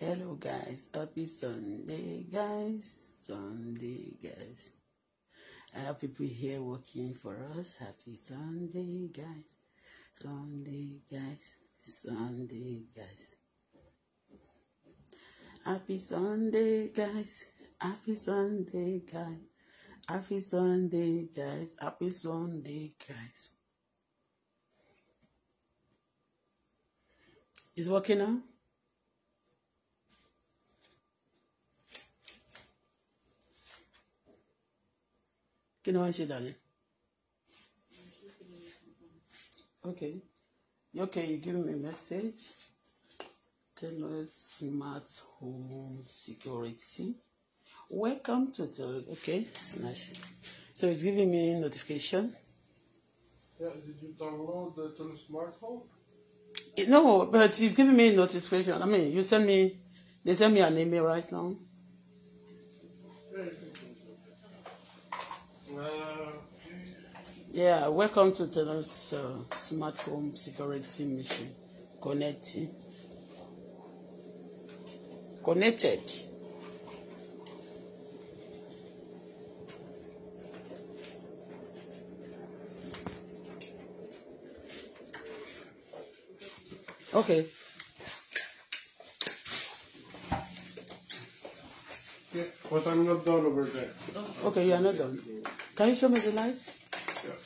Hello guys, happy Sunday guys, Sunday guys. I have people here working for us. Happy Sunday guys, Sunday guys, Sunday guys. Happy Sunday guys, happy Sunday guys, happy Sunday guys, happy Sunday guys. Is working now? kí ni wọ́n ń ṣe dàní. okay okay you give me a message tell smart home security welcome to the okay nice. so it's giving me notification. Yeah, did you download the Tele Smart Home? No, but it's giving me notification. I mean, you send me, they send me an email right now. Yeah, Yeah, welcome to Tenos uh, Smart Home Security Mission Connecting. Connected. Okay. Yeah, but I'm not done over there. Okay, you are not done. Can you show me the lights? Yeah.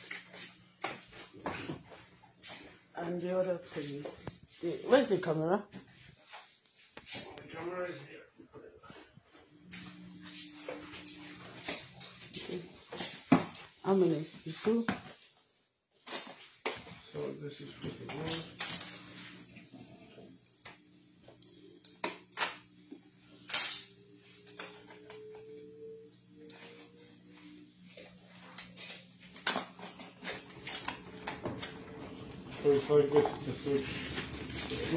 And the other thing is, the, where's the camera? The camera is here. How many? It's two? So this is for the one. five visits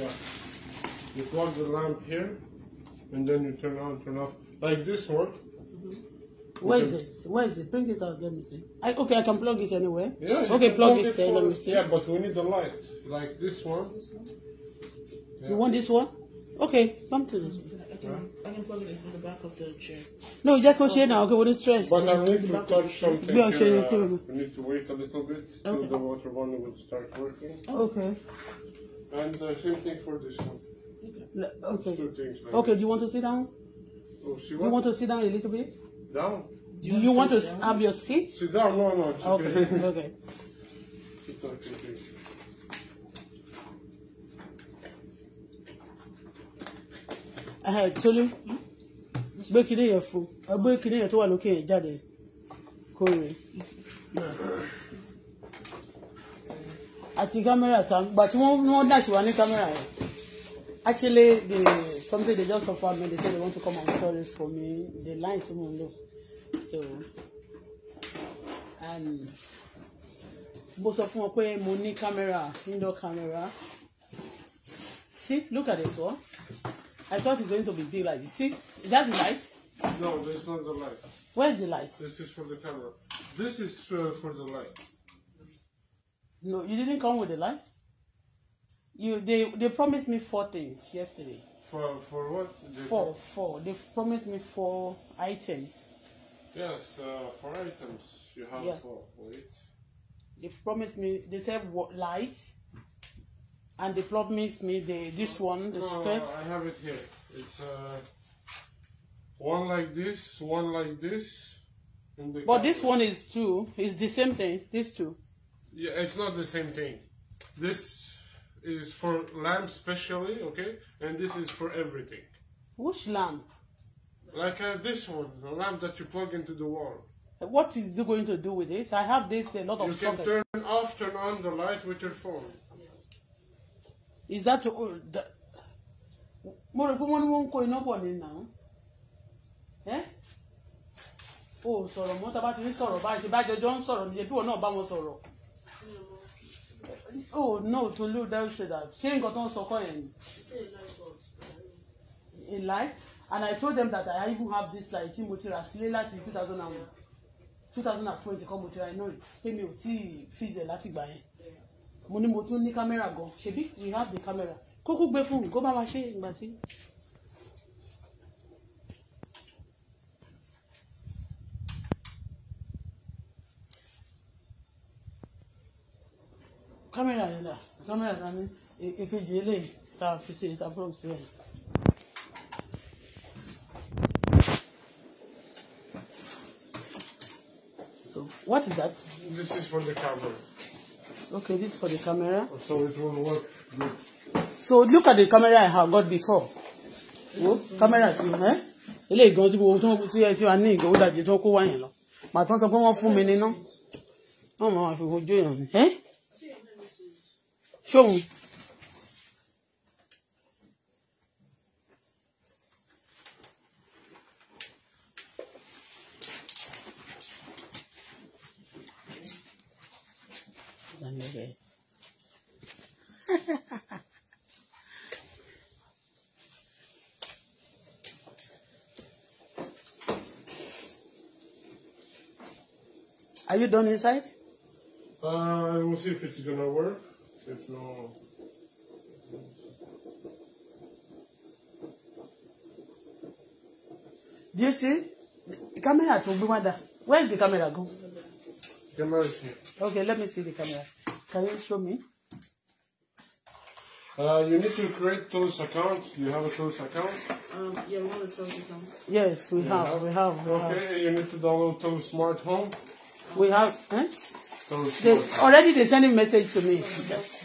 a week. Yeah. You plug the lamp here, and then you turn on, turn off. Like this one. Mm-hmm. Where is it? Where is it? Bring it out. Let me see. I, okay, I can plug it anywhere. Yeah. Okay, plug, plug, it, there. Let me see. Yeah, but we need the light. Like this one. Yeah. You want this one? Okay, come to this. I can, I can plug it from the back of the chair. No, you kí o ṣe okay, we don't stress. But I need to touch something here. Uh, we need to wait a little bit till okay. the water bottle will start working. Okay. And uh, same thing for this one. Okay. Two things like okay, do you want to sit down? Oh, see what? You want to sit down a little bit? Down? Do you, do you want to, have your seat? Sit down, no, no, it's okay. Okay, okay. it's okay. Tolú gbé kinní yẹn fún ọ gbé kinní yẹn tó wà lókè yẹn jáde kó rè àti kámẹ́rà tá gbà tí wọ́n wọ́n dàsí wa ní kámẹ́rà yẹn actually the something they just offer me they say they want to come and store it for me the line tí mo ń lò so and mo sọ fún wọn pé mo ní kámẹ́rà indoor camera see look at this one. I thought it's going to be daylight. You see, is that the light? No, there's not the light. Where's the light? This is for the camera. This is uh, for the light. No, you didn't come with the light. You they they promised me four things yesterday. For for what? four four. They promised me four items. Yes, uh, four items. You have yeah. four. Wait. They promised me. They said what lights and the they promised me the this one, the no, skirt. I have it here. It's uh, one like this, one like this. but this one is two. It's the same thing. These two. Yeah, it's not the same thing. This is for lamp specially, okay, and this is for everything. Which lamp? Like uh, this one, the lamp that you plug into the wall. What is it going to do with it? I have this a lot you of. You can sockets. turn off, turn on the light with your phone. is that oh, mo rò pé wọ́n ní wọ́n ń kó iná bọ̀ ní nàá ẹ́ o sọ̀rọ̀ mọ́ tá a bá ti ní sọ̀rọ̀ báyìí ṣe bá jọjọ ń sọ̀rọ̀ níye bí wọn náà bá wọn sọ̀rọ̀ o náà tó ló dá ṣe dà ṣé nǹkan tó ń sọkọ yẹn ni a lie and I told them that I even have this like tí mo ti rà sílé láti two thousand and two thousand and twenty kan mo ti rà iná rẹ̀ pé mi ò tí ì fìzẹ̀ láti gbà yẹn mo ní mo tún ní kámẹ́rà gan ṣebí we have the camera kókó gbé fún mi kó bá wa ṣe ìgbà tí. kámẹ́rà yẹn dà kámẹ́rà ta ní èkejì eléyìí tá a fi ṣe ìta prox rẹ̀. So what is that? This is for the camera. Okay, this is for the camera. Oh, so it won't work good. So look at the camera I have got before. Wo camera ti Eh, eléyìí gan tí mo tó tí ẹ ti wà ní ìgbòho dàbí tó kó wáyìn lọ màá tán sọ pé wọ́n fún mi níná wọ́n máa fi ojú èèyàn ẹ eh? ṣóhun. you done inside? Uh, we'll see if it's gonna work. If no. Do you see? The camera to be wonder. Where is the camera go? The camera is here. Okay, let me see the camera. Can you show me? Uh, you need to create Toast account. You have a Toast account? Um, yeah, we have a Toast account. Yes, we have, have, We have. We okay, have. you need to download Toast Smart Home. we have eh? they, already they sending message to me.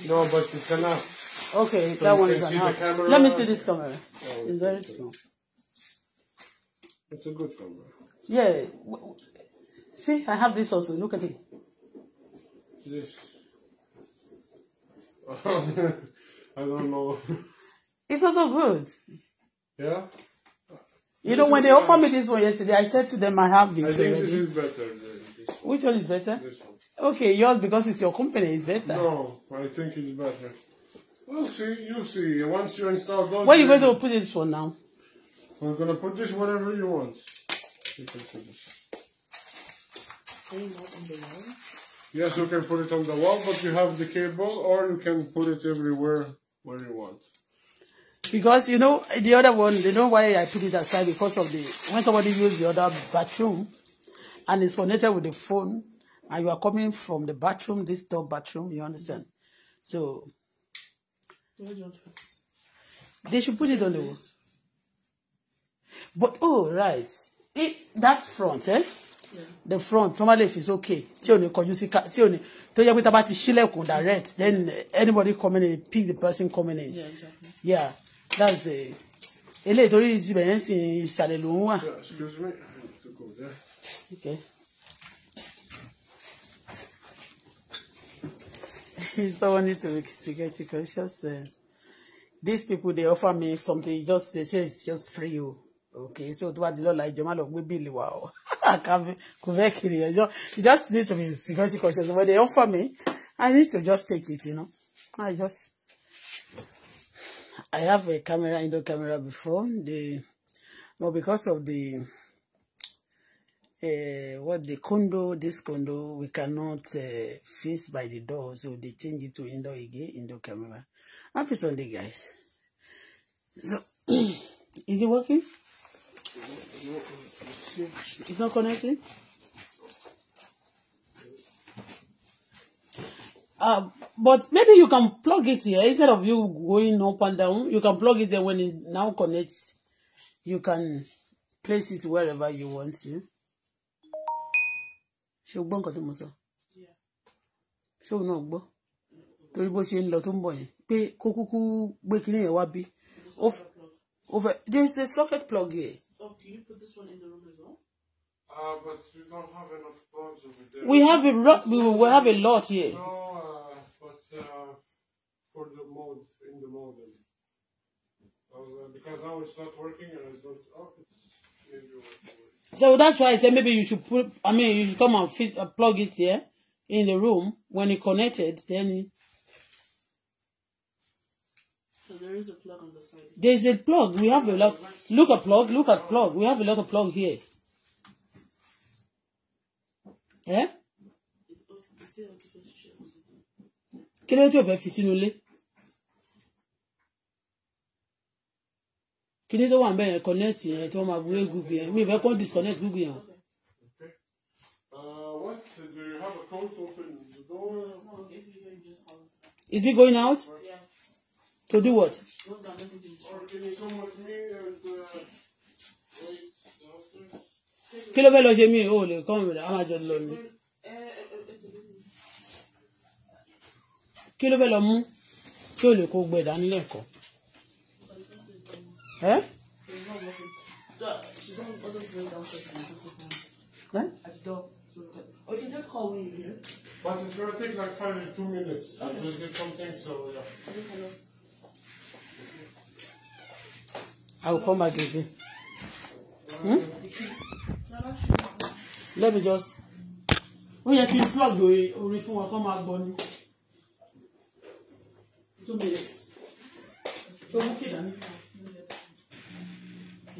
No, but it's enough. Okay, so that one is an app. Camera. Let me see this camera. Oh, it's very small. It's a good camera. Yeah. See, I have this also. Look at it. This. I don't know. It's also good. Yeah. You this know, when they offered me this one yesterday, I said to them, I have it. I think already. this is better. Than one. Which one is better? This one. Okay, yours because it's your company is better. No, I think it's better. We'll see, you'll see. Once you install those. Where are you going to put this one now? I'm going to put this wherever you want. You can see this. Yes, you can put it on the wall, but you have the cable, or you can put it everywhere where you want. Because you know the other one, you know why I put it aside because of the when somebody used the other bathroom, and it's connected with the phone and you are coming from the bathroom this top bathroom you understand so they should put it on the wall but oh right it that front eh yeah. the front from normally left is okay tí because you see, sí ká tí o ní tó yẹ pé tá direct then anybody coming in pick the person coming in yeah, exactly. yeah that's eh, eléyìí torí ti bẹ̀rẹ̀ sí ìsàlẹ̀ ló ń wà. Okay. Someone need to, to security conscious. Uh, these people, they offer me something, just they say it's just free. Oh. Okay, so tó bá di lọ́la ìjọba lọ gbé bíìlì wa oh. o. Kò fẹ́ kiri You just need to be security conscious. When they offer me, I need to just take it, you know. I just, I have a camera, indoor camera before. The, well because of the uh, what the condo, this condo, we cannot uh, eh, fix by the door, so they change it to indoor again, indoor camera. Happy Sunday, guys. So, is it working? It's not connecting? Uh, but maybe you can plug it here instead of you going up and down you can plug it there when it now connects you can place it wherever you want to ṣé o gbọ́ nǹkan tí mo sọ ṣé o náà gbọ́ torí bó ṣe ń lọ tó ń bọ̀ yẹn pé kó kúkú gbé kinní yẹn wá bí o fẹ́ there is a socket plug oh, here. Uh, ah, but we don't have enough plugs over there. We have a lot. We have a lot here. No, uh, but uh, for the mode in the mode. Uh, because now it's not working and I don't. Oh, it's maybe working. So that's why I said maybe you should put, I mean, you should come and fit, uh, plug it here in the room. When it connected, then. So there is a plug on the side. There's a plug. We have a lot. Look at plug. Look at plug. We have a lot of plug here. Eh? Can I do tí o fẹ́ kíní tó wà ń bẹ̀ yẹn connect yẹn tí wọ́n máa gbé google yẹn mi ìfẹ́ kó disconnect google yẹn. Is it going out? Yeah. To do what? kí ló fẹ́ lọ ṣe mí ò lè kọ́ mi a máa jọ lọ mi kí ló fẹ́ lọ mú tí ò lè kó gbẹ dání lẹ́kọ̀ọ́. Eh? It's not working. So she don't also smell downstairs and so Right? At the door. So we can, or you can just call me here. But it's gonna take like to two minutes. I'll just get something, so yeah. Okay, I'll come back again. Hmm? Let me just. Ó yẹ kí plug orin fún wa kó máa gbọ́ Two minutes. So mú kí dání.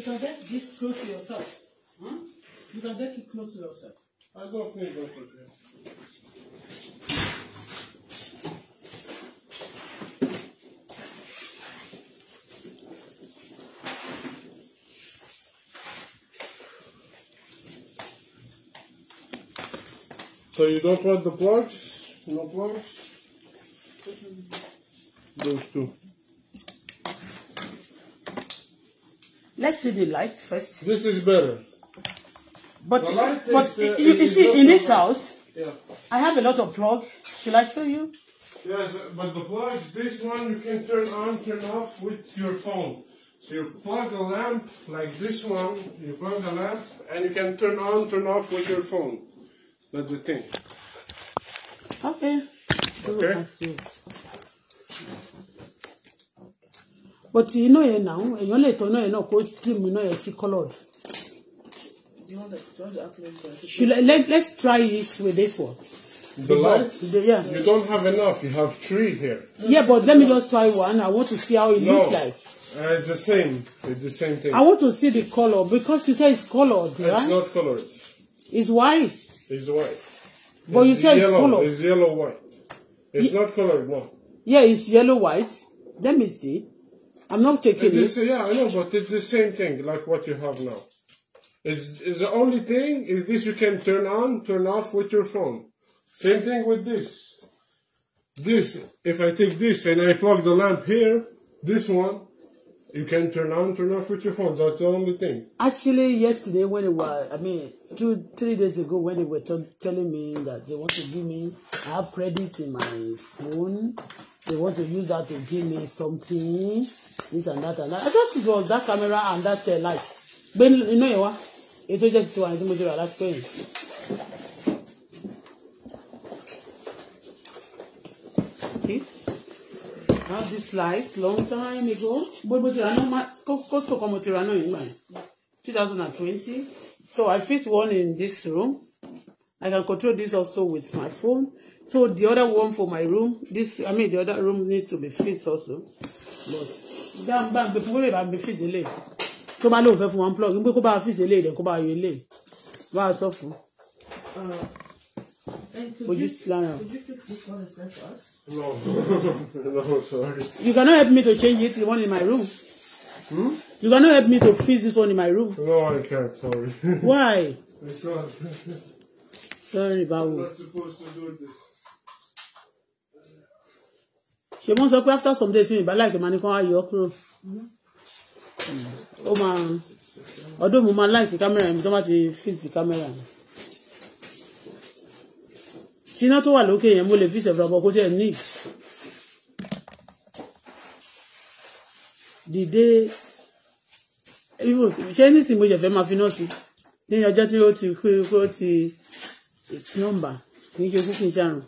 You can get this close to yourself. Hmm? You can get it close to yourself. I go feel go for So you don't want the plugs? No plugs? Those two. Let's see the light first. This is better. But, but is, uh, you, you see, in this house, yeah. I have a lot of plug. Should I show you? Yes, but the plugs, this one you can turn on, turn off with your phone. So you plug a lamp like this one, you plug a lamp, and you can turn on, turn off with your phone. That's the thing. Okay. Okay. but iná yẹn now, èèyàn lè tọ́ iná yẹn náà kó trim iná yẹn sí coloured. Do you want to, do you want to actually Should I, let, let's try this with this one. The lights? The, yeah. You don't have enough. You have three here. Yeah, but let me just try one. I want to see how it no. looks like. Uh, it's the same. It's the same thing. I want to see the color because you say it's colored, right? It's not colored. It's white. It's white. But it's you say it's colored. It's yellow white. It's Ye not colored, no. Yeah, it's yellow white. Let me see. I'm not taking it. Is, it. Yeah, I know, but it's the same thing like what you have now. It's, it's, the only thing is this you can turn on, turn off with your phone. Same thing with this. This, if I take this and I plug the lamp here, this one, You can turn on, turn off with your phones. That's the only thing. Actually, yesterday when it was, I mean, two, three days ago when they were telling me that they want to give me, I have credit in my phone. They want to use that to give me something, this and that and that. I thought it was that camera and that uh, light. But you know what? It was just tiwa ní tí mo ti rà have this slice long time ago But ti ra náà Costco kan mo ti ra náà nígbà yẹn two thousand and twenty so I fix one in this room I can control this also with my phone so the other one for my room this I mean the other room needs to be fixed also but damn, gbẹ fún wẹ́rẹ́ bá gbẹ fix ilé tó bá lóun fẹ́ one plug You kó bá fix ilé rẹ̀ kó bá yọ ilé bá a sọ fún. Uh, fojú lára. Could you fix this one instead for us? No, no, sorry. You cannot help me to change it. The one in my room. Hmm? You cannot help me to fix this one in my room. No, I can't. Sorry. Why? sorry, Bawo. You're not supposed to do this. She mọ́ sọ pé after some days but like àgbẹ̀mọ́ ni kàn á yọ ọ́ kúrò mm-hmm. ó máa ọdún mo máa láìkí kámẹ́rà to tó má ti fix kámẹ́rà mi síná tó wà lókè yẹn mo lè fi ṣẹ̀fọ̀ àbọ̀ kó tiẹ̀ ní ìtì. ṣé nísìnyí mo ṣẹ̀fẹ̀ máa fi náà sí ní ọjọ́ tí ó ti pé ó ti its number kì í ṣe kú kì í ṣàrùn.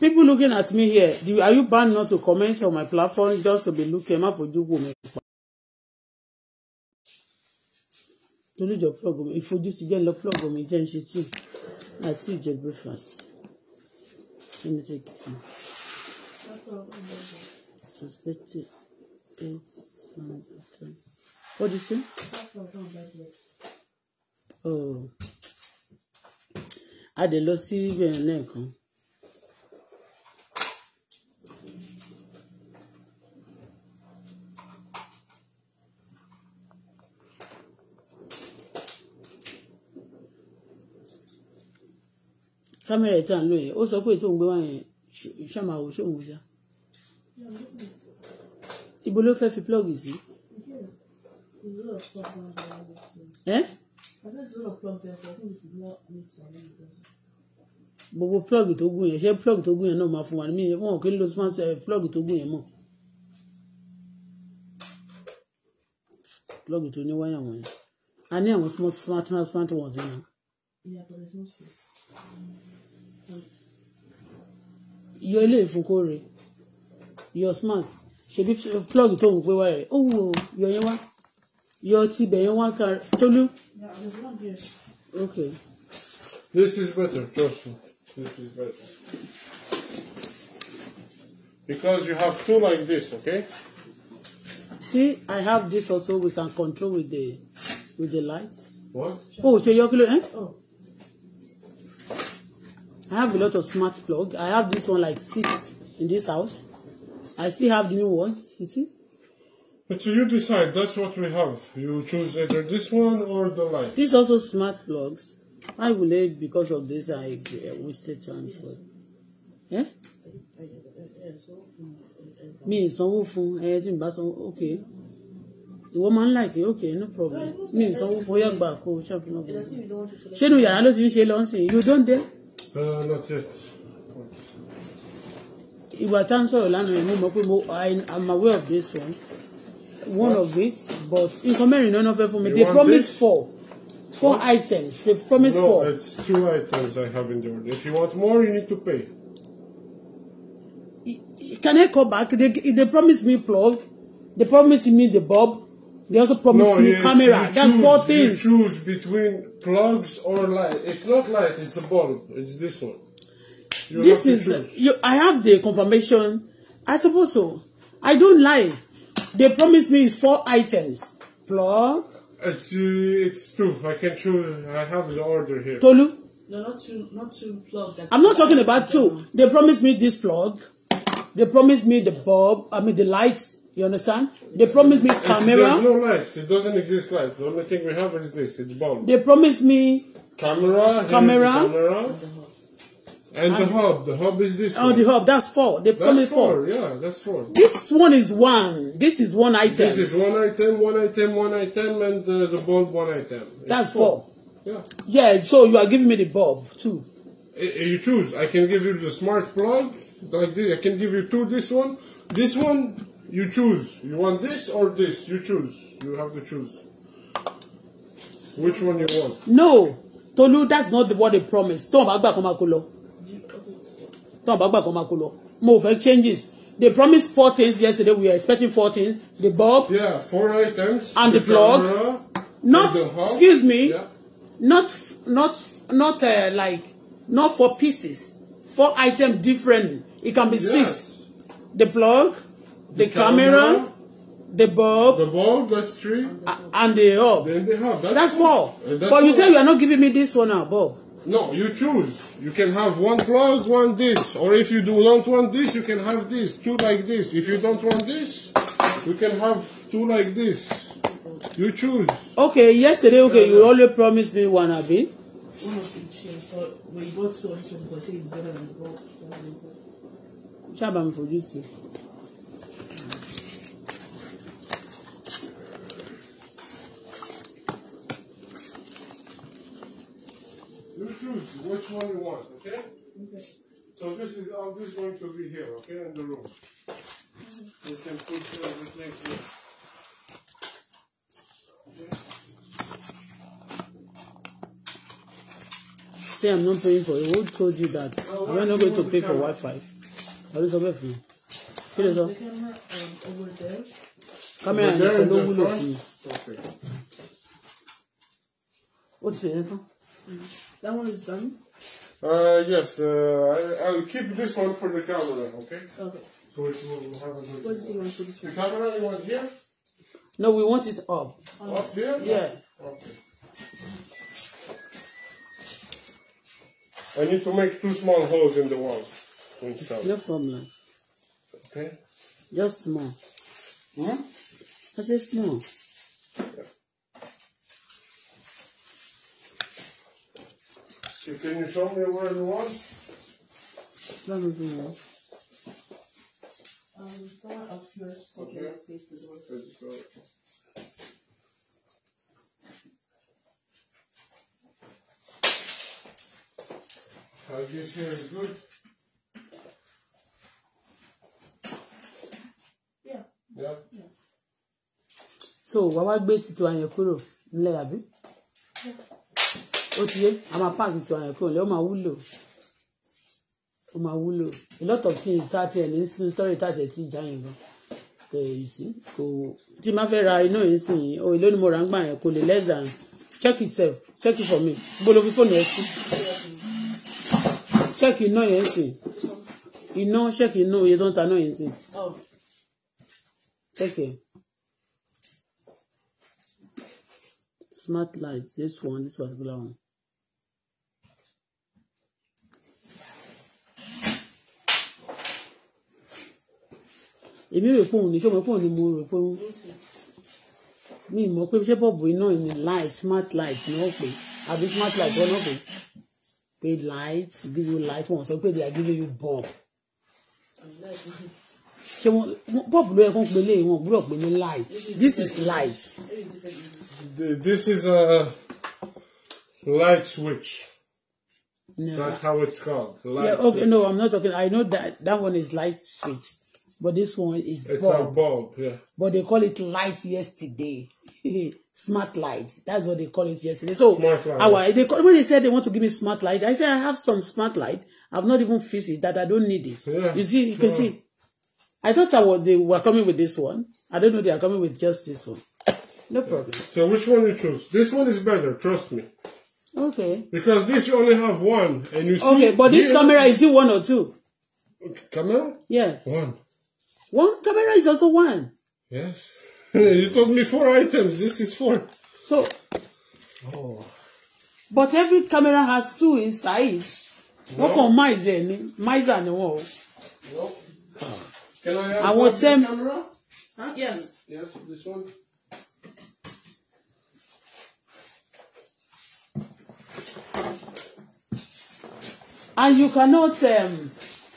people looking at me here are you banned not to comment on my platform just to be looking ẹ má fojú wò mí. tolújọ plọg mi ìfojú ti jẹ́ ń lọ plọg mi jẹ́ ń ṣe tíì àti ìjẹ breakfast let me take it in suspected eight nine ten what do you say oh a dẹ̀ lọ sí ibẹ̀ lẹ́ẹ̀kan. kámẹ́rà ẹ̀ tí à ń lò yẹn ó sọ pé tóun gbé wá yẹn ṣàmàwò ṣóun ò ibo ló fẹ́ fi plug sí. ẹ́ gbogbo plug tó gùn yẹn ṣé plug tó gùn yẹn náà máa fún wa ní mílíọ̀nù wọn kì í lo smart eh, plug tó gùn yẹn mọ̀ plug tó ní wáyà wọ̀nyẹn a ní àwọn smart smart smart ones yẹn yọ ilé ìfúnkóre yọ smart ṣebí plug tó ń pé wá rẹ̀ ó wù ó yọ yẹn wá yọ tibẹ̀ yẹn wá kar tolú. okay. this is better trust me this is better because you have two like this okay. See, I have this also. We can control with the with the light. What? Oh, so you're clear, eh? Oh. I have a lot of smart plug. I have this one like six in this house. I still have the new ones. you see? But you decide, that's what we have. You choose either this one or the light. This also smart plugs. I will late because of this I eh, wasted time for it. Eh? Mi ìsanwó fún ẹyẹ eh, tí n Okay. The woman like it. Okay, no problem. Me, some fún ó yàgbà kó ṣàfihàn. Ṣé inú yàrá ló ti ń ṣe lọ́sìn? You don't. dey? not yet. ìgbà tá à ń aware of this one one what? of it but in nǹkan mẹ́rin náà fẹ́ fún mi they promise four four what? items they promise no, four. it's two items I have in the order if you want more you need to pay. can I call back they they promise me plug they promise me the bulb they also promise no, me yes, camera that's four things. you choose between plugs or light? It's not light. It's a bulb. It's this one. You this is uh, you, I have the confirmation. I suppose so. I don't lie. They promised me it's four items. Plug. It's uh, it's two. I can choose. I have the order here. Tolu. No, not two. Not two plugs. I'm not talking about two. They promised me this plug. They promised me the bulb. I mean the lights You understand? They promised me camera. It's, there's no lights. It doesn't exist Lights. The only thing we have is this. It's bomb. They promised me camera. Camera. Camera. And, and the hub, the hub is this. Oh, one. the hub, that's four. They that's promised four. four. Yeah, that's four. This one is one. This is one item. This is one item, one item, one item, and uh, the bulb one item. It's that's four. four. Yeah. Yeah. So you are giving me the bulb too. You choose. I can give you the smart plug. I can give you two. This one. This one you choose. You want this or this? You choose. You have to choose. Which one you want? No. Tolu, that's not what they promised. Tom Bagba Komakolo. Tom Bagba Komakolo. Move exchanges. They promised four things yesterday. We are expecting four things. The bulb. Yeah, four items. And the, the plug. Camera, not, the excuse me. Yeah. Not, not, not uh, like, not four pieces. Four items different. It can be yes. six. The plug the, the camera, camera, the bulb, the bulb, that's three, and the hub. Then the hub. That's, that's four. that's but you said you are not giving me this one now, ah, Bob. No, you choose. You can have one plug, one this, or if you do not want this, you can have this, two like this. If you don't want this, you can have two like this. You choose. Okay, yesterday, okay, yeah, you yeah. only promised me one, Abi. One of the chairs, but we bought two, so because it's better than the bulb. Ṣé for juicy. choose which one you want, okay? Okay. So this is, I'm just going to be here, okay, in the room. You can put everything here. Okay. Say I'm not paying for it. Who told you that? Uh, well, not going to pay for Wi-Fi. I'll do something for you. Kí ló sọ? Kámẹ́rà yẹn kò ló wúlò fún mi. What's ti ṣe yẹn tán. That one is done. Uh, yes, uh, I, will keep this one for the camera, okay? Okay. So it will have a good What do you want for this one? The camera you want here? No, we want it up. Um, up here? Yeah. Okay. I need to make two small holes in the wall. No problem. Okay? Just small. Hmm? I said small. Yeah. So can you show me where you want? Let me the Um, somewhere up here, so okay. can face the door. I guess here is good. Yeah. Yeah. yeah. So, wàá wá gbé títí wa yẹn kúrò nílẹ̀ àbí? Yeah. ó ti yé a máa páàkì tiwa yẹn kúrò lẹ́ ó máa wúlò ó máa wúlò a lot of things sáà tiẹ̀ ní sínú story tàtẹ̀ tí ìjà yẹn gan tẹ̀ yìí sí kò tí máa fẹ́ ra iná yìí sìn yìí o èló ni mo rà ń gbà yẹn kò lè less check it sef check it for me gbọ́dọ̀ fi fóònù ẹ sí check iná yẹn sìn iná check iná oye tó ń ta náà yẹn sìn check it. smart lights this one this particular one èmi rò pé òun ní ṣọmọ pé òun ni mo rò pé òun mi mọ̀ pé ṣé bọ́ọ̀bù iná ni light smart light ni wọ́n pè àbí smart light wọ́n náà pè pé light give you light wọ́n sọ pé they are giving you bulb ṣé wọn bọ́ọ̀bù ló yẹ kó ń pe léyìn wọn gbúdọ̀ pè ní light this is light. this is a light switch. No, that's how it's called. Light yeah, okay, switch. no, I'm not talking. I know that that one is light switch but this one is bulb. it's a bulb yeah. But they call it light yesterday. smart light. That's what they call it yesterday. So smart light. Our, they call, when they said they want to give me smart light, I said I have some smart light. I've not even fixed it that I don't need it. Yeah. You see, you can yeah. see. I thought I was, they were coming with this one. I don't know they are coming with just this one. No problem. So which one you choose? This one is better, trust me. Okay. Because this you only have one and you see Okay, but this camera is it one or two? Camera? Yeah. One. One camera is also one. Yes. you told me four items. This is four. So. Oh. But every camera has two inside. No. What on my ni? My ni wọ́n o. Can I have I one this them... camera? Huh? Yes. Yes, this one. And you cannot um,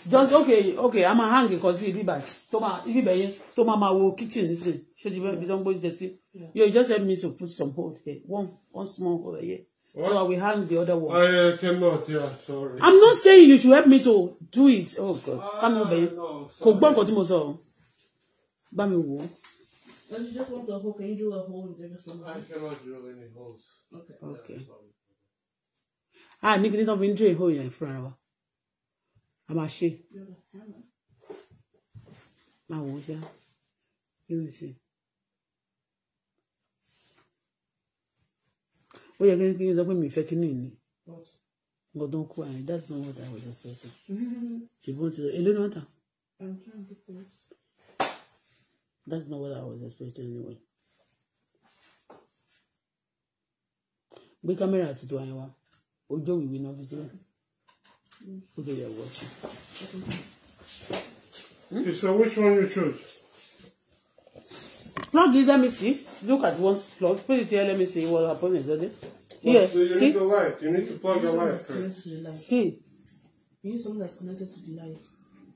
just okay okay a máa hang nǹkan sí ibi báyìí tó máa ibi bẹ̀yẹ tó máa máa wo kitchen nísìn ṣé ti bẹ́ẹ̀ bí tó ń gbóyè yo you just help me to put some hole here one one small hole here so I will hang the other one. I uh, cannot yeah sorry. I'm not saying you should help me to do it oh God kánú ah, bẹ̀yẹ kò gbọ́ nǹkan tí mo sọ bá mi wò ó. Don't you just want to hole? Can you drill a hole in there just one hole? I cannot drill any holes. Okay. Okay. Ah, ní kí ni tó fi ń drill hole yẹn fúnra wa a máa ṣe máa wò ó ṣá irú sí i. ó yẹ kí n sọ pé mi fẹ́ kí ni ni gbọdọ̀ kú àyìn that's not what I was expecting. ṣùgbọ́n ti sọ èlé náà tà. that's not what I was expecting anyway. gbé kámẹ́rà tuntun àyẹ̀wò ojú òwìwí náà fi sílẹ̀. Who they are Okay, so which one you choose? Plug it, let me see. Look at one plug. Put it here, let me see what happens, isn't it? Yeah, so you see? need the light. You need to plug the light first. See? You use something that's connected to the light.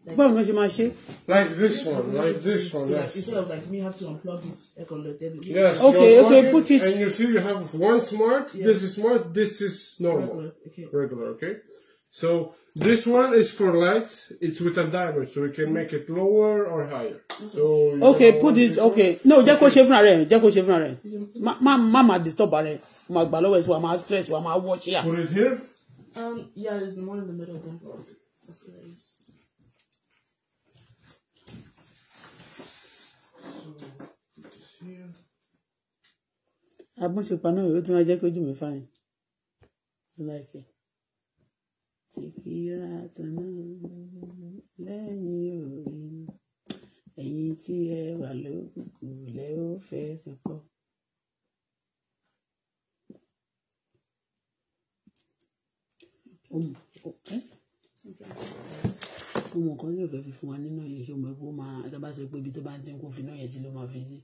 Báwo ni wọ́n ṣe Like this one, like this one, yes. Instead of like me have to unplug it, I can let them. Yes, okay, okay, put it. And you see you have one smart, yeah. this is smart, this is normal. Regular, okay. Regular, okay? So this one is for lights. It's with a diver, so we can make it lower or higher. So okay, put it okay. No, jẹ́ kó ṣe fúnra rẹ̀, jẹ́ kó ṣe fúnra Ma, ma, má má disturb rẹ̀. Má gbà lọ́wọ́ ẹ̀ stress wa, watch here. Put it here. Um, yeah, there's more in the middle there. Okay. That's what it is. Abúnṣepá náà yóò tún wá jẹ́ kí ojú mi fáyín. I like it tìkìrà tàná lẹ́yìn òre ẹ̀yin tí ẹ wà lókùnkùn lẹ ó fẹsẹ̀ kọ́. ọmọ nǹkan yóò fẹ́ fi fún wa nínú yẹn ṣé o mọ̀ pé ó máa tábà ṣe pé ibi tó bá ń tí kò fi náà yẹn sí ló máa fi sí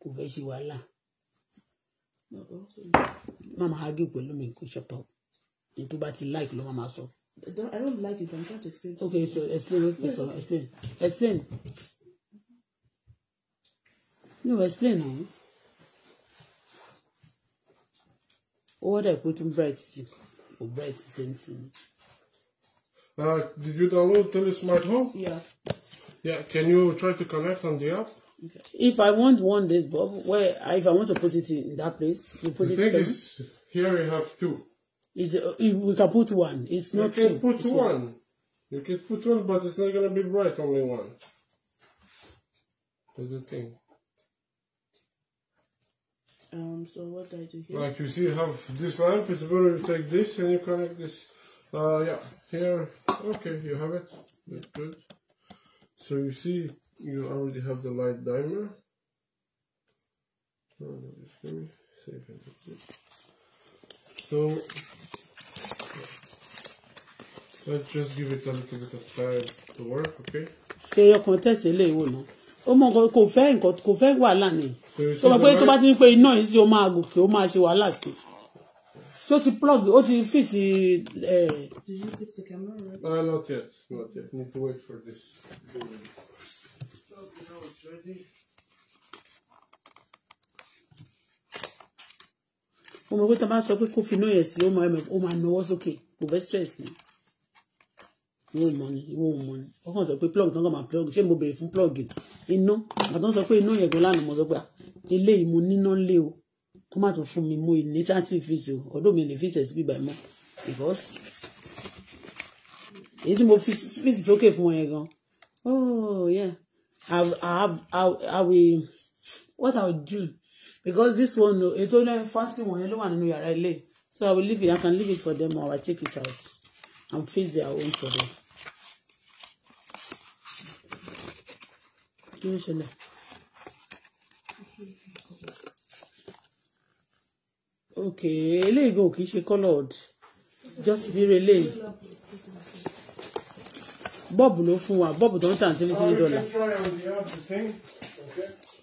kò fẹ́ ṣe wàhálà. má máa pẹ̀lú mi kò ṣọ̀tọ̀ èyí bá ti láìkì ló máa sọ don't, I don't like it, but I'm trying to explain. To okay, you. so explain. So explain. Explain. No, explain now. What I put in bright or bright same thing. Uh, did you download Tele Smart Home? Yeah. Yeah. Can you try to connect on the app? Okay. If I want one this Bob, where if I want to put it in that place, you put the it. thing is, here we have two. Is uh, we can put one. It's not. You can two. put it's one. one. You can put one, but it's not gonna be bright. Only one. That's the thing. Um. So what I do here? Like you see, you have this lamp. It's better you take this and you connect this. Uh. Yeah. Here. Okay. You have it. That's good. So you see, you already have the light dimmer. No, no, just give me save it. So let's just give it a little bit of time to work, okay? Ṣé ọkàn tẹ̀sí lè wò náà? Ó mọ nǹkan kò fẹ́ nǹkan kò fẹ́ wàhálà ni. Tó mọ̀ pé tó bá ti ń pe iná yìí sí o máa gòkè o máa ṣe wàhálà sí. Ṣé o plug o ti fit. Uh, eh, Did you fix the camera? Right? Uh, not yet, not yet. Need to wait for this. Oh, now it's ready. mo mọ̀ pé tí wọ́n bá sọ pé kó fi náà yẹn sí ó máa náwó sókè kò fẹ́ stress ni ìwọ mọ ni ìwọ mọ ni wọ́n sọ pé plug tán kàn máa plug ṣé mo béèrè fún plug iná àtọ́ sọ pé iná yẹn gan lánàá mo sọ pé ah, eléyìí mo níná lé o kó má tún fún mi mo ní thirty feet o ọdún mi lè fi ṣẹ̀ sí bíbá ẹ̀ mọ́ because èyí tí mo fi fíìsì sókè fún wọn gan oh yeah I, I have I, I will what I will do because this one no ètò náà fancy one. yẹn ló wà nínú yàrá ilé so i will leave it i can leave it for them or i take it out and fix their own for them. kí ló ṣẹlẹ̀. ok eléyìí gan kì í ṣe coloured just bíire eléyìí bọ́ọ̀bù ló fún wa bọ́ọ̀bù tó ń tà ní three three dollar.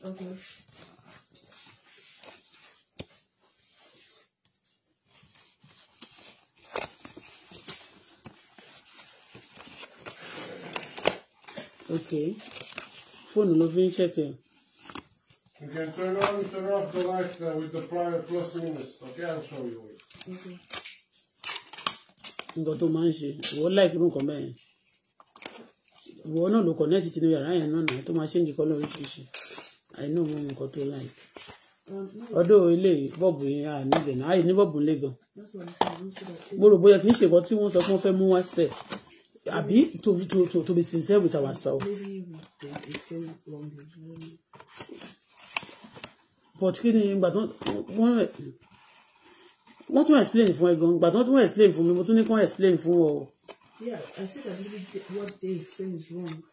Okay. ok Fóònù ló fi ń ṣẹ̀kẹ̀. You can turn on, turn off the light uh, with the prior plus minus. Okay, I'll show you. Nǹkan tó máa ń ṣe, ìwọ láìpẹ́ nǹkan bẹ́ẹ̀ ìwọ náà ló kọ̀nẹ́ẹ̀tì sínú yàrá yẹn náà náà tó máa ṣéǹjì kọ́lọ́ oríṣiríṣi àìní òun nǹkan tó láì ọdún ilé bọ́ọ̀bù yẹn à nílẹ̀ náà àìní bọ́ọ̀bù ńlẹ̀ gan mo rò bóyá kì í ṣe nǹkan tí wọ́n sọ pé fẹ́ mú wá sẹ́ẹ̀ àbí to to to to be sincere with ourselves. but kí ni ìgbà tó wọ́n wọ́n tún explain for me? But don't tó tún explain for me? But tún ní explain for me? yeah i said that maybe what they explain is wrong.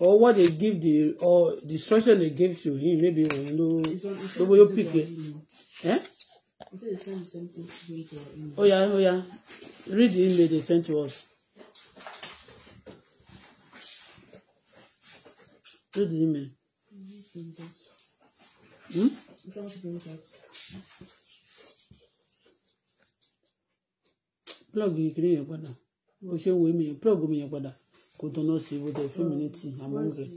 or what they give the or the instruction they gave to him maybe òun ló ló bóyá pick ẹ. Eh? He said the same thing to him Oh yeah, oh yeah. Read the email they sent to us. What do you mean? Hmm? Plug yìí kiri yẹn padà. Bó ṣe wo mi yẹn, plug mi yẹn padà. Kò tán náà sí ibo tẹ fún mi ní tì àmọ́ ń bẹ̀.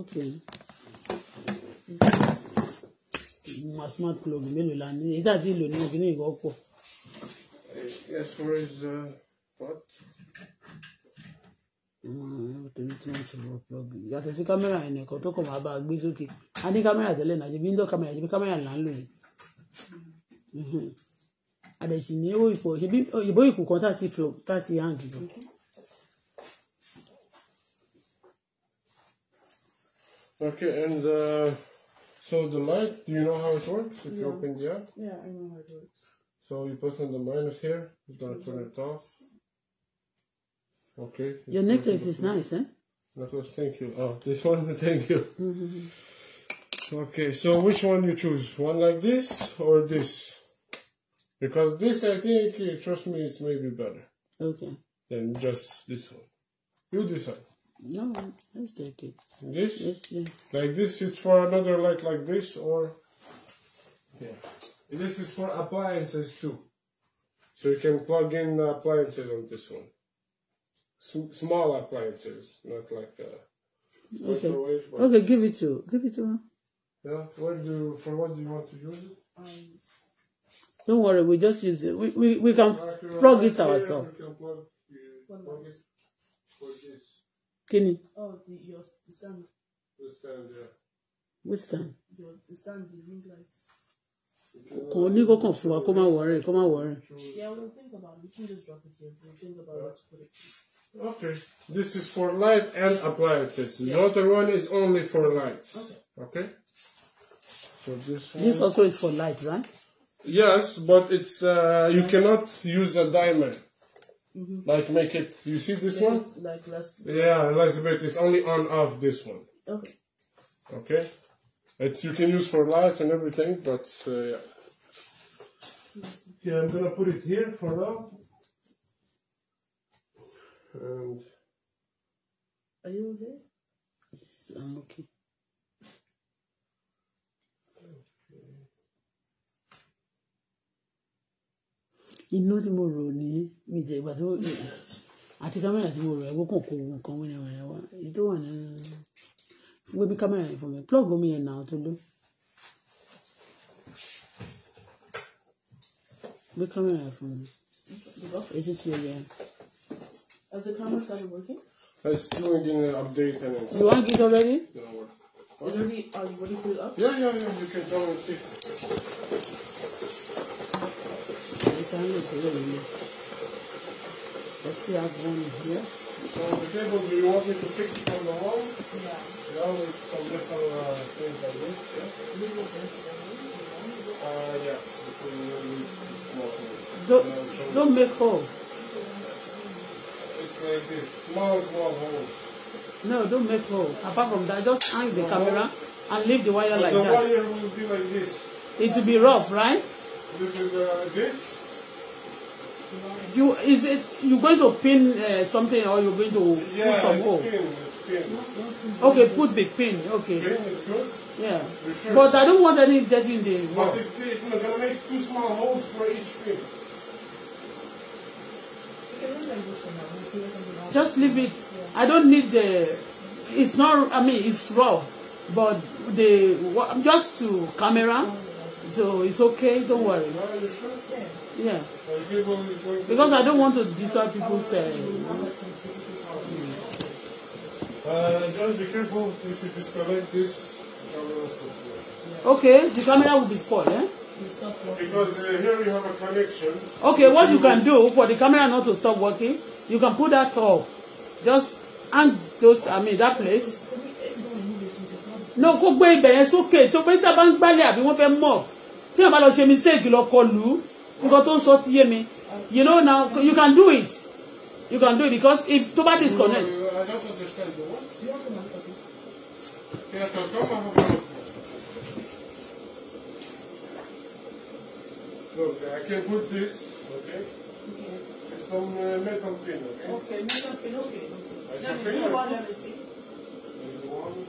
Okay. Mo ma smart plug mélòó la ní? Èyí tàbí ìlò ní òfin ní ìwọ́ pọ̀. Yes, where is uh, what? sí kámẹ́rà kamera nìkan tó kọ̀ máa bá a gbé sókè a ní kámẹ́rà tẹ́lẹ̀ náà kámẹ́rà kámẹ́rà là ń lò yìí àdẹ̀sì ní ìpò ìkù kan tàti tàti Okay, and uh, so the light, do you know how it works? If yeah. you open the app? Yeah, I know how it works. So you put on the minus here, it's going to mm-hmm. turn it off. Okay. Your necklace is nice, eh? Necklace, thank you. Oh, this one's thank you. Mm-hmm. okay, so which one you choose? One like this or this? Because this, I think, uh, trust me, it's maybe better. Okay. Than just this one. You decide. No, let's take it. This? Yes, Yeah. Like this, it's for another light like this or... Yeah. This is for appliances too. So you can plug in appliances on this one. small appliances, not like a uh, okay. microwave. Okay, give it to give it to her. Yeah, what do for what do you want to use it? Um, Don't worry, we just use it. We we, we can microwave uh, plug it ourselves. can plug, uh, plug it for this. Kenny. Oh, the your the stand. The stand, yeah. Which stand? Your the stand, the ring light. kò ní kó kàn fún wa kó má worry. kó má wọrẹ. Yeah, we'll think about We can just drop it here. We'll think about yeah. what to put it. Okay. This is for light and appliances. Yeah. The other one is only for lights. Okay. okay. So this one. This also is for light, right? Yes, but it's uh, you cannot use a diamond. Mm -hmm. Like make it. You see this one? Like last. Yeah, Elizabeth. It's only on off this one. Okay. Okay. It's you can use for light and everything, but uh, yeah. Mm-hmm. Okay, I'm gonna put it here for now. And are you okay? Yes, I'm okay. okay. Inú tí mo rò ní mi jẹ ìgbà tó àti kámẹ́rà tí mo rò ẹ̀wọ́ kàn kó nǹkan wẹ́rẹ́ wẹ́rẹ́ wá èyí tó wà ní fún gbé bí kámẹ́rà yẹn fún mi plug omi yẹn nà tó lọ. Gbé kámẹ́rà yẹn fún mi èyí tó ti yẹ Has the camera started working? Uh, it's still getting an uh, update and it's... You want it already? No. Okay. Is already, are you ready to put it up? Yeah, yeah, yeah, you can tell and See. The camera is already Let's see, I have one here. So the cable, do you want me to fix it on the wall? Yeah. Yeah, with some different uh, things like this, yeah? Little Uh, yeah. Don't, don't make hole like this, small, small holes. No, don't make hole. Apart from that, just hang the no uh-huh. camera hole. and leave the wire but like the that. The wire will be like this. It will be rough, right? This is uh, this. You is it you going to pin uh, something or you're going to yeah, put some hole? Pin, pin. Okay, put the pin. Okay. Pin is good. Yeah. Sure. But I don't want any dirty in the wall. But it, it, no, gonna make two small holes for each pin. Just leave it. I don't need the. It's not. I mean, it's raw, but the just to camera. So it's okay. Don't worry. Yeah. Because I don't want to disturb people. Say. Uh, uh, just be careful if you disconnect this. Okay, the camera will be spoiled. Eh? Because uh, here we have a connection. Okay, what you can do for the camera not to stop working, you can put that off. Just and just, I mean, that place. No, kó gbé ibẹ̀ yẹn okay. To pé tá a We want gbálẹ̀ àbí wọ́n fẹ́ mọ̀. Tí a bá lọ ṣe mistake lọ kọlù, nǹkan tó ń sọ ti yé mi. You know now, you can do it. You can do it because if toba disconnect. No, I don't understand. What? Do you want to look at it? Okay, I can put this, okay? Okay. With some uh, metal pin, okay? Okay, metal pin, okay. I now, do you Let me see? Maybe one.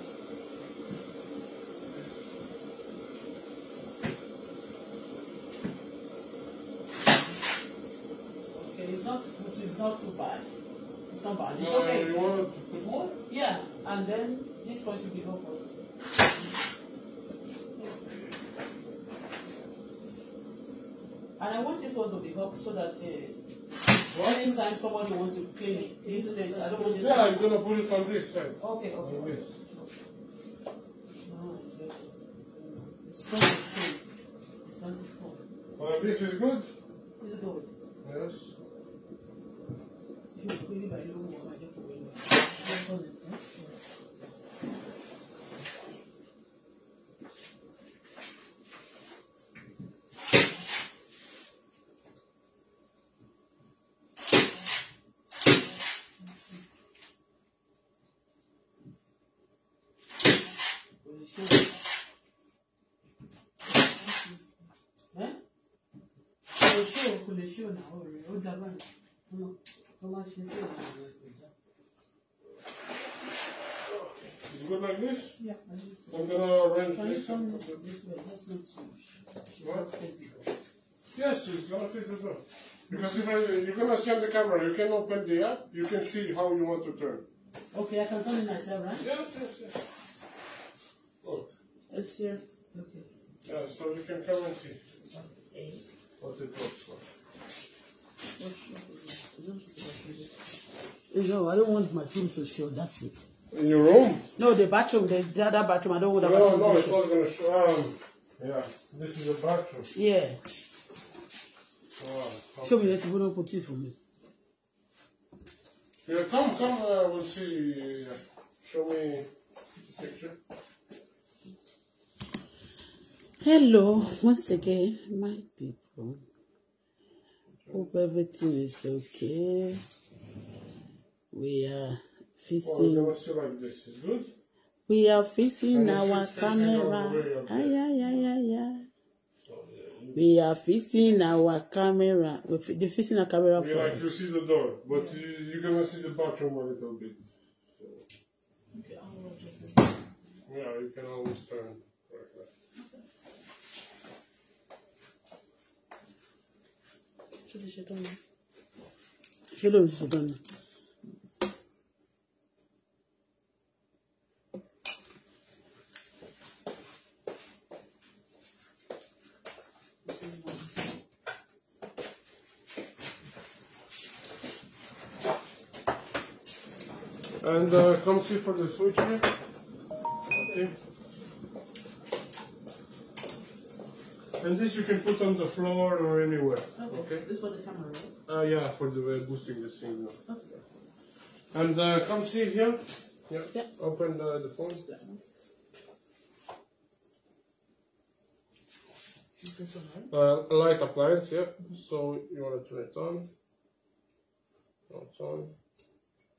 Okay, it's not, it's not too bad. It's not bad. It's no, okay. You want to put more? Yeah, and then this one should be open. And I want this one to be up so that uh, time somebody wants to clean it, clean it. I don't want this. Yeah, I'm gonna put it on this side. Okay, okay. On this. it's not the It's not the Well, this is good. lè ṣe òdàwọ̀ rẹ̀ ó dábàá náà tó má ṣe sí òdàwọ̀ rẹ̀ kò já. Is it good like this? Yeah. I'm gonna arrange this. Can you come this way? That's not too much. What? Yes, it's gonna fit as well. Because if I, you're gonna see on the camera, you can open the app, you can see how you want to turn. Okay, I can turn myself, right? Yes, yes, yes. Look. It's here. Okay. Yeah, so you can come and see. Okay. What it looks like. No, I don't want my film to show. That's it. In your room? No, the bathroom, the, the other bathroom. I don't want the no, bathroom. No, no, it's not going to show. Um, yeah, this is the bathroom. Yeah. Oh, Show me that you don't put it for me. Yeah, come, come, uh, we'll see. show me the picture. Hello, once again, my people. Hope everything is okay. We are facing. Oh, We are facing our camera. Ay, ay, ay, ay, ay. We are fixing our camera. We're facing our camera for like us. You see the door, but you, you're gonna see the bathroom a little bit. So. Yeah, you can always turn. tó ti ṣetán ni ṣé lóun ti And uh, come see for the switch here. Okay. And this you can put on the floor or anywhere. Okay. okay. This for the camera, right? Uh, yeah, for the uh, boosting the signal. Okay. And uh, come see here. Yeah. yeah. Open the, the phone. Yeah. Uh, light appliance, yeah. So you want to turn it on. No, it's on.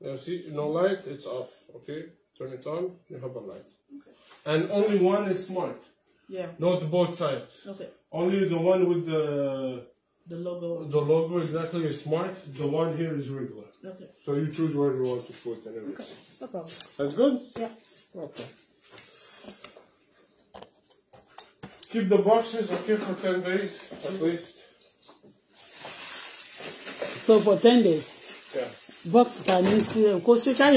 Now see, no light, it's off. Okay, turn it on. You have a light. Okay. And only one is smart. Yeah. Not both sides. Okay. Only the one with the the logo. The logo exactly is smart. The one here is regular. Okay. So you choose where you want to put and everything. Okay. No problem. That's good. Yeah. Okay. Keep the boxes okay for ten days at least. So for ten days box can you see because in case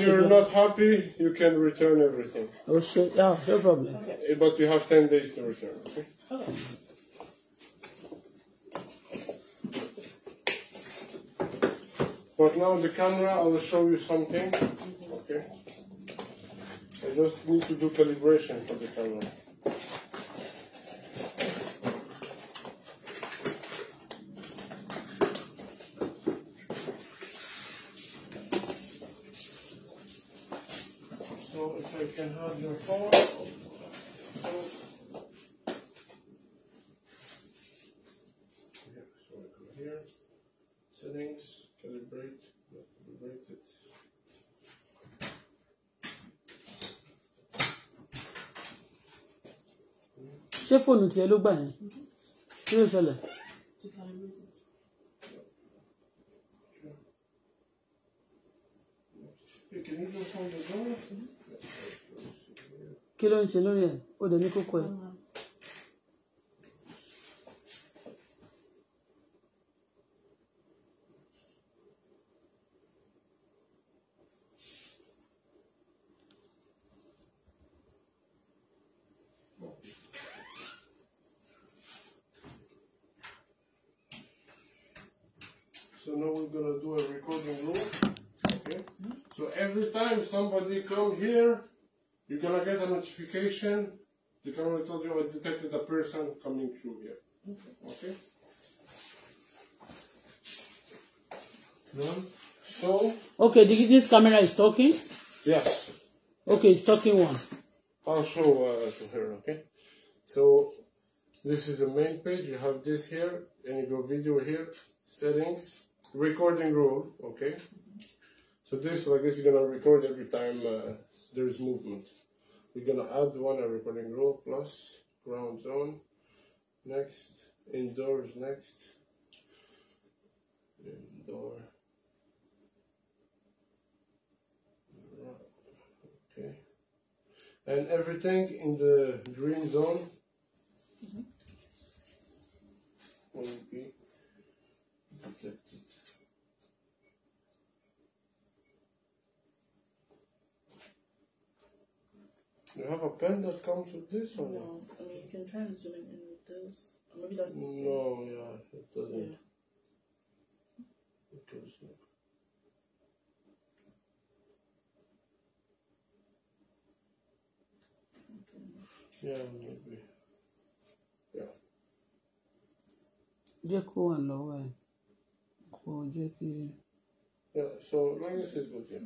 you are not happy you can return everything. Oh shit! yeah no problem. Eh, but you have ten days to return. Okay? Oh. But now the camera, I will show you something. Okay. I just need to do calibration for the camera. ṣé fóònù tiẹ̀ ló gbà yẹn kí ló ṣẹlẹ̀. kí ló ń ṣe lórí ẹ̀ ó dẹ̀ ní kókó ẹ̀. time somebody come here, you're gonna get a notification. The camera told you oh, I detected a person coming through here. Okay? One. So. Okay, this camera is talking? Yes. Okay, it's talking one. I'll show uh, to her, okay? So, this is the main page. You have this here, and you go video here, settings, recording rule, okay? So this, like this, is gonna record every time uh, there is movement. We're gonna add one a recording rule plus ground zone, next indoors next, indoor. Okay, and everything in the green zone mm -hmm. will be detected. You have a pen that comes with this one? No, I uh, mean, you can try and zoom in with this. Or maybe that's the same. No, yeah, it doesn't. Yeah. It doesn't. Yeah, maybe. Yeah. Yeah, cool, wà lọ́wọ́ ẹ̀ kó Yeah, so like me said, but yeah.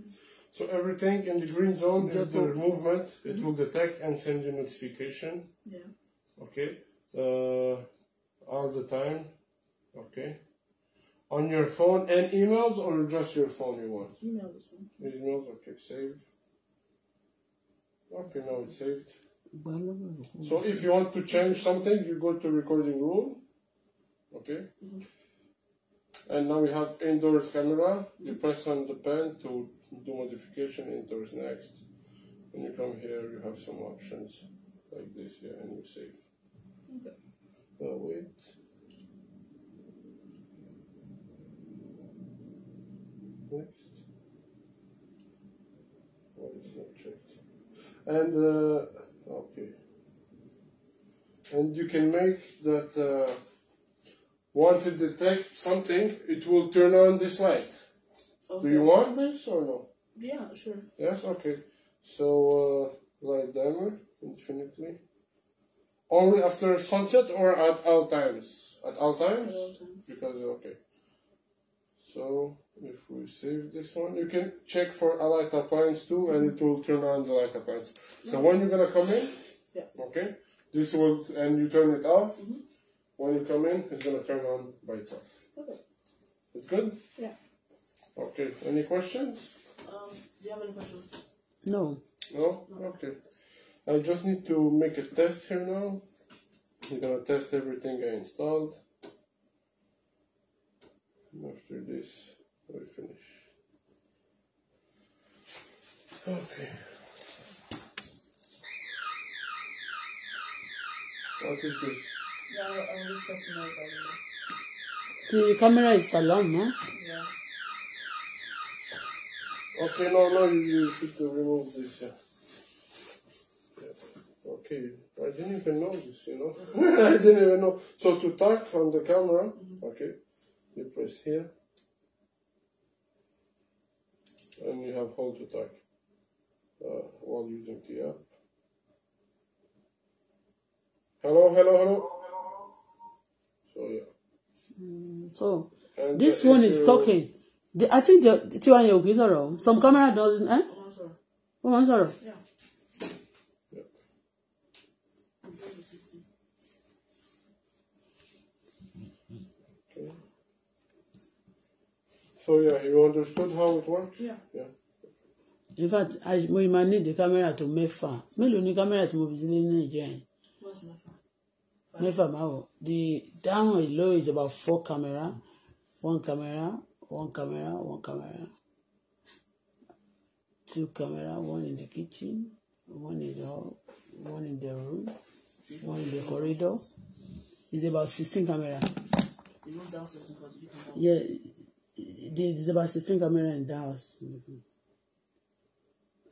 So everything in the green zone, due to movement, it mm -hmm. will mm-hmm. detect and send you notification. Yeah. Okay. Uh, all the time. Okay. On your phone and emails, or just your phone you want? Emails. Emails. Okay, saved. Okay, now it's saved. So if you want to change something, you go to recording rule. Okay. Mm -hmm. And now we have indoors camera. You press on the pen to do modification, indoors next. When you come here, you have some options like this here, and you save. Okay. Now wait. Next. Well, oh, it's not checked. And, uh, okay. And you can make that. Uh, once it detects something, it will turn on this light. Okay. Do you want this or no? Yeah, sure. Yes, okay. So, uh, light dimmer, infinitely. Only after sunset or at all times? At all times? At all times. Because, okay. So, if we save this one, you can check for a light appliance too, and it will turn on the light appliance. So, mm-hmm. when you're gonna come in, yeah. okay, this will, and you turn it off. Mm -hmm when you come in, it's gonna turn on by itself. Okay. It's good? Yeah. Okay, any questions? Um, do you have any questions? No. No? Okay. I just need to make a test here now. I'm gonna test everything I installed. After this, I finish. Okay. What is this? The camera is alarm, Yeah. Okay, no, no, you, you should remove this, yeah. Okay, I didn't even know this, you know. I didn't even know. So to talk on the camera, mm-hmm. okay, you press here. And you have hold to talk. uh, while using the app. hello, hello. hello. So yeah. Mm, so and this one is talking. The, I think the Tiwa one you kì í Some camera doesn't. Eh? Wọ́n máa ń Yeah. So yeah, you understood how it works? Yeah. yeah. In fact, I, we might need the camera to make fun. Mélòó the camera tí mo fi sílé ní Nàìjíríà yẹn? mẹ́fà márùn the that one is about four camera one camera one camera one camera two camera one in the kitchen one in the hall one in the room one in the corridor is about sixteen camera. The downstairs and Yeah, there is about sixteen camera in the house. Mm-hmm.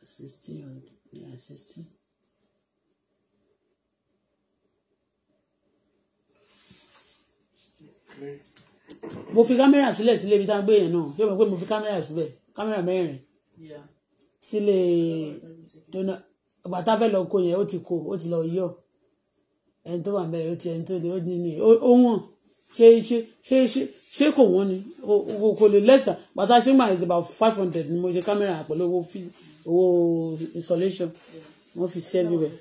Sixteen, yeah, sixteen. mo fi kámẹ́rà sílẹ̀ sílé ibi tá a gbé yẹn náà yóò mọ̀ pé mo fi kámẹ́rà síbẹ̀ kámẹ́rà mẹ́rin sílé dona ìgbà tá a fẹ́ lọ kó yẹn ó ti kó ó ti lọ yọ ẹni tó wà ń bẹ ó ti ẹni tó ní ó ní ní ó wọ̀n ṣé ṣé ṣé ṣé kò wọ́n ni o kò lè lẹ́tà bàtà ṣé mà is about five hundred ni mo ṣe kámẹ́rà pẹ̀lú owó owó installation wọ́n fi sí everywhere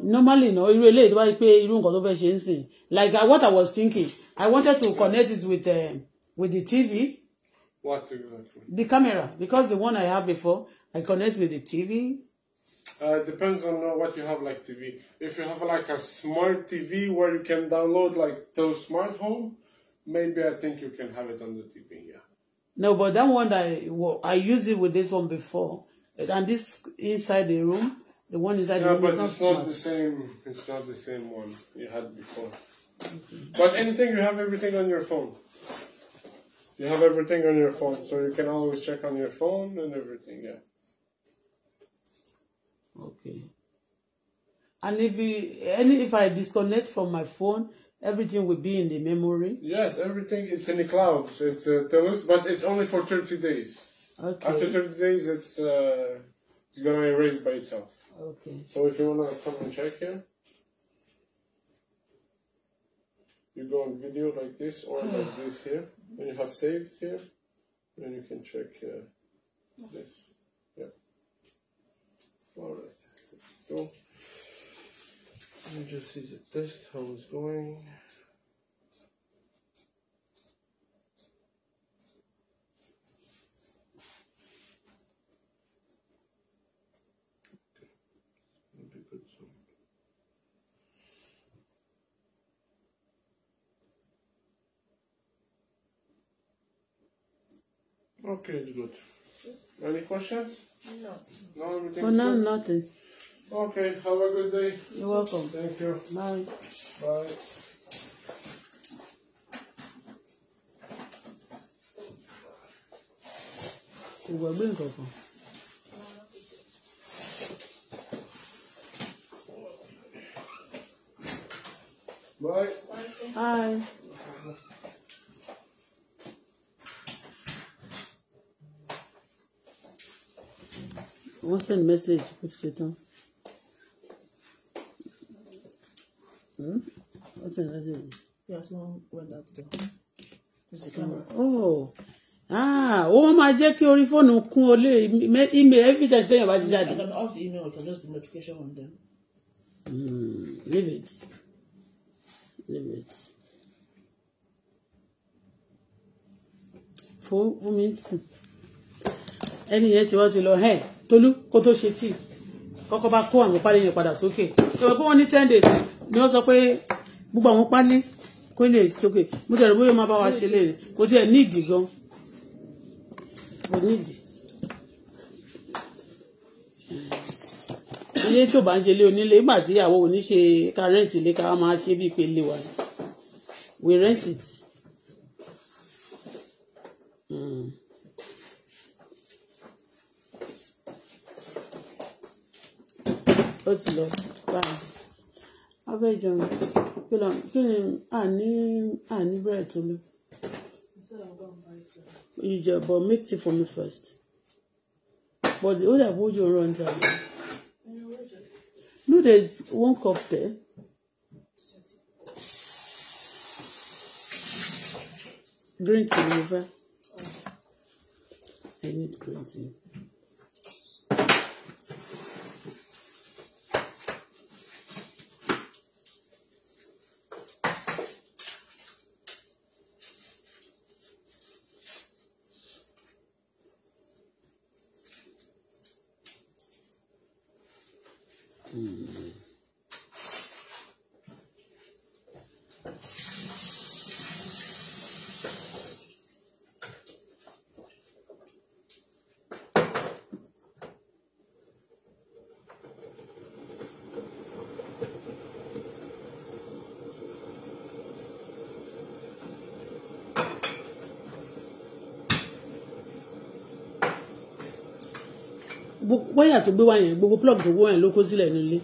normally no irú eléyìí tó bá yí pé irú nǹkan tó ṣe ń sìn like uh, what i was thinking i wanted to connect it with uh, with the tv what the camera because the one i have before i connect with the tv uh, depends on uh, what you have like TV. If you have like a smart TV where you can download like the smart home, maybe I think you can have it on the TV. Yeah. No, but that one I well, I used it with this one before, and this inside the room The one yeah, but is not it's not the same. It's not the same one you had before. Okay. But anything, you have everything on your phone. You have everything on your phone, so you can always check on your phone and everything. Yeah. Okay. And if you, any, if I disconnect from my phone, everything will be in the memory. Yes, everything. It's in the cloud. It's uh, Telus, but it's only for thirty days. Okay. After thirty days, it's uh, it's gonna erase by itself. Okay. So if you wanna come and check here, you go on video like this or like hmm. this here, and you have saved here, then you can check uh, this. Yeah. All right. Go. Let me just see the test how it's going. Okay, it's good. Any questions? No. No, everything. For now, good? nothing. Okay, have a good day. You're welcome. Thank you. Bye. Bye. kò are nǹkan Bye. Bye. Hi. wọ́n send message kó ti ṣe tán. Hmm? wọ́n send message. Yeah, someone went out there. This is Oh ah oh wọ́n máa jẹ́ kí orí fóònù kún olè email every time téèyàn bá ti I can off the email or can just be notification on them. Mm, leave it leave it. fún fún mi tì ẹni yẹn tí wọ́n ti Tolú kó tó ṣe tíì kọ́kọ́ bá kó àwọn pálí yẹn padà sókè ìwọ pé wọ́n ní ten days ni wọ́n sọ pé gbogbo àwọn pálí kó lè sókè mo tẹ̀lé bóyá máa bá wa ṣe léèrè kò tiẹ̀ nídìí gan kò nídìí. ilé tí ò bá ń ṣe ilé onílé nígbà tí ìyàwó oníṣe ká rẹ́ǹtì ilé ká máa ṣe bíi pé ilé wa we rent it. ó ti lọ báyìí wọ́n fẹ́ jẹun kí ni àní àní bẹ̀rẹ̀ tó lé ìjọ but make tea for me first but the older boy you run down no there is one cup there. Green tea, never. I need green tea. wáyà tó gbé wá yẹn gbogbo plug tó gbé wá yẹn ló kó sílẹ̀ nílé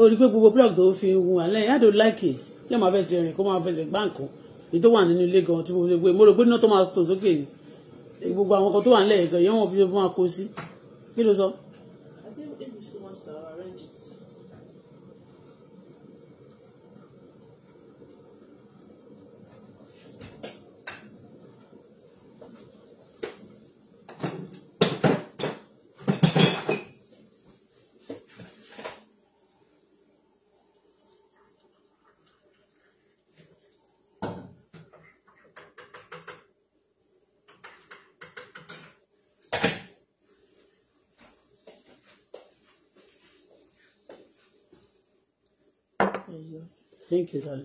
ó rí i pé gbogbo plug tó fi wù wá lẹ́yìn I don't like it kí ẹ̀ máa fẹsẹ̀ rìn kó máa fẹsẹ̀ gbá nǹkan èyí tó wà nínú ilé gan tí mo fi gbé mo rò pé iná tó máa tò sókè ni gbogbo àwọn kan tó wà nílẹ̀ yẹn gan yẹn wọ́n fi máa kó sí kí ló sọ. Thank you, darling.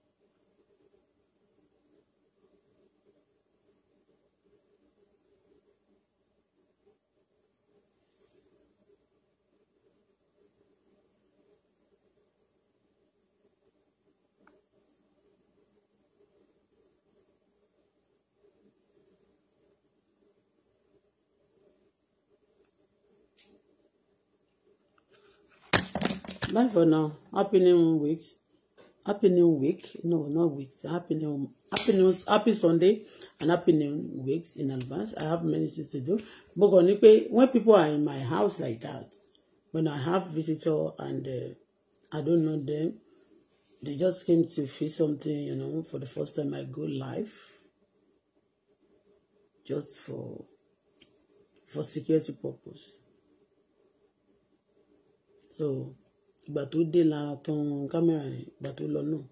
Bye for now. Happy new weeks. Happy new week. No, not weeks. Happy new, happy news, happy Sunday and happy new weeks in advance. I have many things to do. But when people are in my house like that, when I have visitor and uh, I don't know them, they just came to feel something, you know, for the first time I go live. Just for for security purpose. So ìgbà tó dé la tan kámẹ́rà yẹn ìgbà tó lọ náà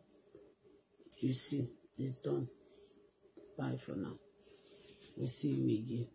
you see it's done bye for now we see you again.